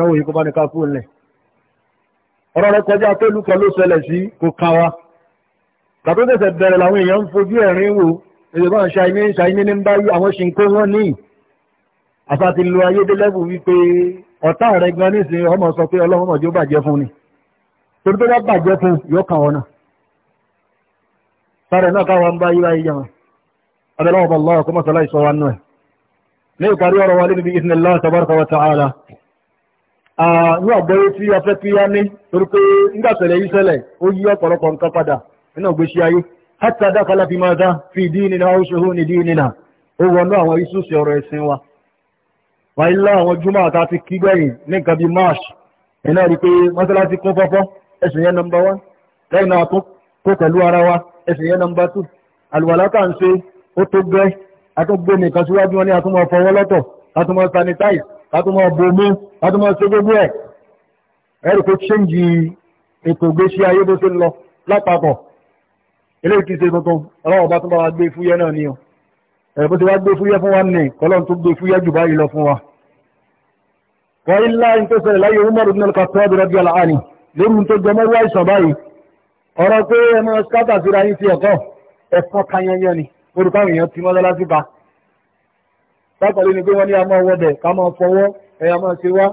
dánwò yìí kó bá ní ká kúrò nílẹ̀ ọ̀rọ̀ rẹ kọjá pé lúkọ ló ṣẹlẹ̀ sí kò ká wa kàtó tẹ̀sẹ̀ bẹ̀rẹ̀ làwọn èèyàn ń fojú ẹ̀rín wò èdè bá ń ṣàìní ṣàìní ní báyìí àwọn ṣì ń kó wọn ní àṣà ti lo ayédélẹ́bù wípé ọ̀tá rẹ gan nísìnyí ọmọ sọ pé ọlọ́run mọ̀jú ó bàjẹ́ fún ni torí tó bá bàjẹ́ fún yóò kàn wọn náà sáré náà káwa ń bá yí wáyé jẹun adọ́lọ́wọ́ bá lọ́wọ́ kó mọ̀ sọ́lá ìṣọ́wá náà ní ìparí ọ̀rọ̀ wa lé níbi ìsinmi lọ́wọ́ tabaraka wa ta'ala ní àgbọ́yé tí a fẹ́ kí á ní torí pé nígbàtẹ̀lẹ̀ yìí ṣẹlẹ̀ ó yí ọ̀pọ̀lọpọ̀ nǹkan padà nínú ògbésí ayé hátà dákàlà fi máa dá fi ìdí nínú àwọn oṣù ní ìdí nínú ó wọnú àwọn isúsì ọ̀rọ̀ ẹ̀sìn wa wáyé lá àwọn júmọ̀ àti àti kígbẹ̀yìn ní nǹkan bíi march iná rí pé mọ́sálásí kún fọ́fọ́ ẹ̀sìn yẹn nọmba wá lẹ́yìn náà kó pẹ̀lú ara wa ẹ̀sìn yẹn nọmba tù àlùwàlá tá à ń ṣe ó tó gẹ́ atúgbé nìkan síwájú wọn ní àtúmọ̀ fọwọ́ lọ́tọ̀ àtúmọ̀ sanitize kátó máa bomú kátó máa ṣe gbogbo ẹ̀ ẹ̀rù kó ṣéǹjì ètò ìgbésí ayé bó ṣe lọ lápapọ̀ eléyìí kìí ṣe tuntun ọlọ́wọ́ bá tún bá wa gbé fúyẹ́ náà ni o ẹ̀rù bó ṣe wá gbé fúyẹ́ fún wa nì kọ́lọ́n tó gbé fúyẹ́ jù báyìí lọ fún wa. wọ́n yí láyé tó ṣẹlẹ̀ bákọ̀lẹ́ ni pé wọ́n ní a máa wọ́bẹ̀ ká máa fọwọ́ ẹ̀yà máa ṣe wá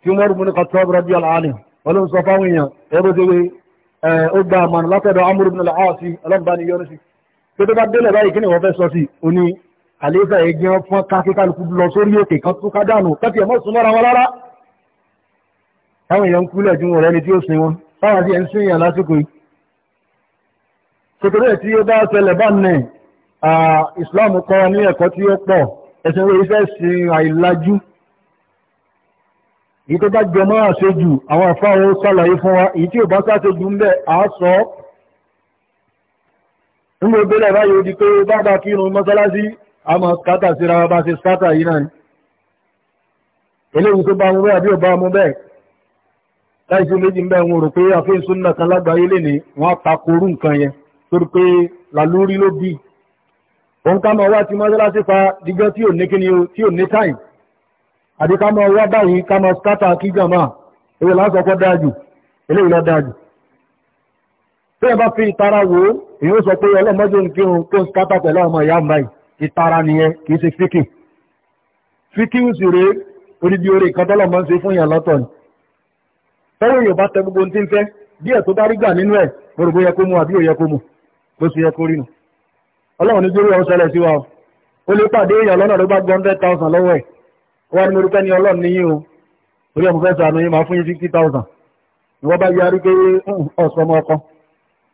tí wọ́n rúmú ní Khattab radiyallahu anhu ọlọ́run sọ fáwọn èèyàn ẹgbẹ́ tó wé ó gba àmàn látọ̀dọ̀ Amr ibn al-As ọlọ́mbà ni yọrù sí pé tó bá délẹ̀ báyìí kí ni wọ́n fẹ́ sọ sí o ní àlééfà ẹgbẹ́ fún kákíkálukú lọ sórí òkè kan tó ká dànù tẹ́tì ẹ̀mọ́ sún mọ́ra wọn rárá táwọn èèyàn ń kúlẹ̀ ju wọn rẹni tí ó sin wọn táwọn àti ẹ̀ ń sin èèyàn lásìkò yìí kòtòrò tí ó bá ṣẹlẹ̀ bá nẹ̀ Islam kọ́ ní ẹ̀kọ́ tí ó pọ̀ ẹ̀sìn wo iṣẹ́ sin àìlájú èyí tó bá jẹ mọ́ àṣejù àwọn àfáwọn ó sàlàyé fún wa èyí tí ò bá sàṣejù ń bẹ̀ á sọ ọ́ nínú ìgbélẹ̀ báyìí ó di pé bàbá kí irun mọ́sálásí a máa skátà síra wa bá ṣe skátà yìí náà ni eléyìí tó bá mú bẹ́ẹ̀ àbí ò bá mú bẹ́ẹ̀ láìsí méjì ń bẹ́ẹ̀ wọn rò pé àfihàn súnà kan lágbàáyé lè ní wọ́n á takorú nǹkan yẹn torí pé làlórí ló bíi òun ká máa wá ti mọ́sálásí pa díjọ́ tí ò ní o tí ò ní táì àbí ká máa wá báyìí ká máa skátà kí jàmá èwe lásán kọ́ dájú eléyìí lọ dájú tí ẹ bá fi ìtara wò ó èyí ó sọ pé ọlọ́mọdé nìkí òun tó ń skátà pẹ̀lú ọmọ ìyá mbà yìí ìtara nìyẹn kì í ṣe fíkì fíkì ń sì rèé oníbi orí ìkan tọ́lọ̀ máa ń ṣe fún ìyàn lọ́tọ̀ ni tọ́wọ́ èèyàn bá tẹ gbogbo ohun tí ń fẹ́ díẹ̀ tó bá rí gbà nínú ẹ̀ mo rò bó yẹ kó mu àbí ò yẹ kó mu bó ṣe yẹ kó rí nu ọlọ́run ní jórí ọ̀hún ṣẹlẹ̀ sí wa ó lè pàdé èèyàn lọ́nà ló bá gbọ́ hundred thousand lọ́wọ́ ẹ̀ wọ́n ní morúkẹ́ ní ọlọ́run ní yín o orí ọmọ fẹ́ sànù yín máa fún yín sixty thousand ni wọ́n bá yarí pé hmm, ọ̀sán ọmọ ọkọ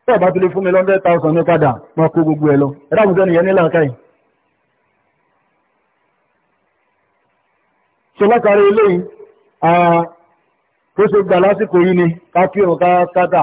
tó o bá ti lè fún mi hundred thousand ní padà máa kó gbogbo ẹ lọ ẹ dáàbò sẹ́ni yẹn ní làákàyè. ṣe lákàrí eléyìí kó ṣe gbà lásìkò yìí ni ká kírun ká kádà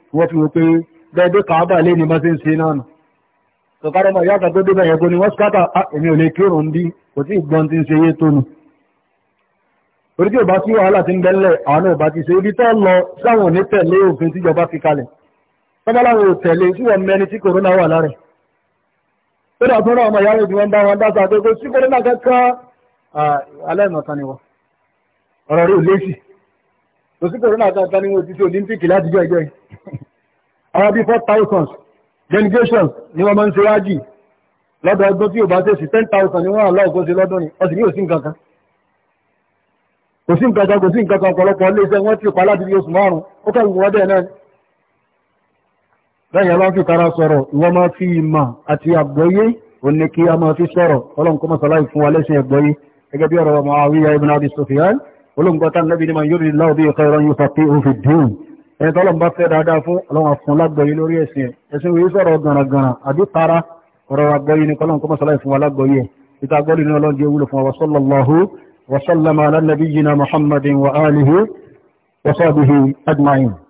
wọ́n fi wò pé bẹ́ẹ̀dẹ́ kàábà lé ní mọ́sí ń ṣe náà nù tọ́kárọ́mọ̀ ìyá àgbàgbé débẹ̀ ẹ̀gbọ́n ni wọ́n skátà ah, èmi ò lè kírun bí kò tí ìgbọ́n ti ń ṣe yé tó nù orí tí ò bá sí wàhálà ti ń bẹ́lẹ̀ àwọn ò bá ti ṣe ibi tó lọ sáwọn ò ní tẹ̀lé òfin tíjọba fi kalẹ̀ tọ́báláwọn ò tẹ̀lé sí wọn mẹ́ni tí kòrónà wà lára ó dà kò sí corona tata ní wọ́n ti ṣe olympic láti jọ ìjọ yìí àwọn bíi four thousand delegations ni wọ́n máa ń ṣe rájì lọ́dọọdún tí ò bá ṣèṣì ten thousand ni wọ́n àlọ́ òkú ṣe lọ́dún ni wọ́n sì ní òsín kankan kò sí nǹkan kan kò sí nǹkan kan ọ̀pọ̀lọpọ̀ ilé iṣẹ́ wọ́n ti pa láti bí oṣù márùn-ún ó kẹ́wù wọ́n dẹ̀ náà lẹ́yìn aláwọ̀ fi kára sọ̀rọ̀ ìwọ́n máa fi ìmọ̀ àti àgbọ́yé òní kí a máa fi sọ̀rọ̀ ọlọ́run kó mọ̀ sọ́láì fún wa lẹ́sìn àgbọ́yé gẹ́gẹ́ bí ọ̀rọ̀ Muawiya ibn Abi Sufyan olóńgbọ́ta nẹ́bí ni ma yóò rí láwọ́ bí ọkọ̀ ìrọ̀ yóò fàtí òfin dùn ẹni tọ́lọ̀ bá fẹ́ dáadáa fún ọlọ́wọ́ fún lágbọ̀yé lórí ẹ̀sìn ẹ̀sìn wòye sọ̀rọ̀ gànàgànà àbí tara ọ̀rọ̀ àgbọ̀yé ni kọ́lọ́n kọ́mọ́ sọ́láì fún wa lágbọ̀yé ìta gbọ́dọ̀ ní ọlọ́dún ewúlò fún wa sallallahu wa sallama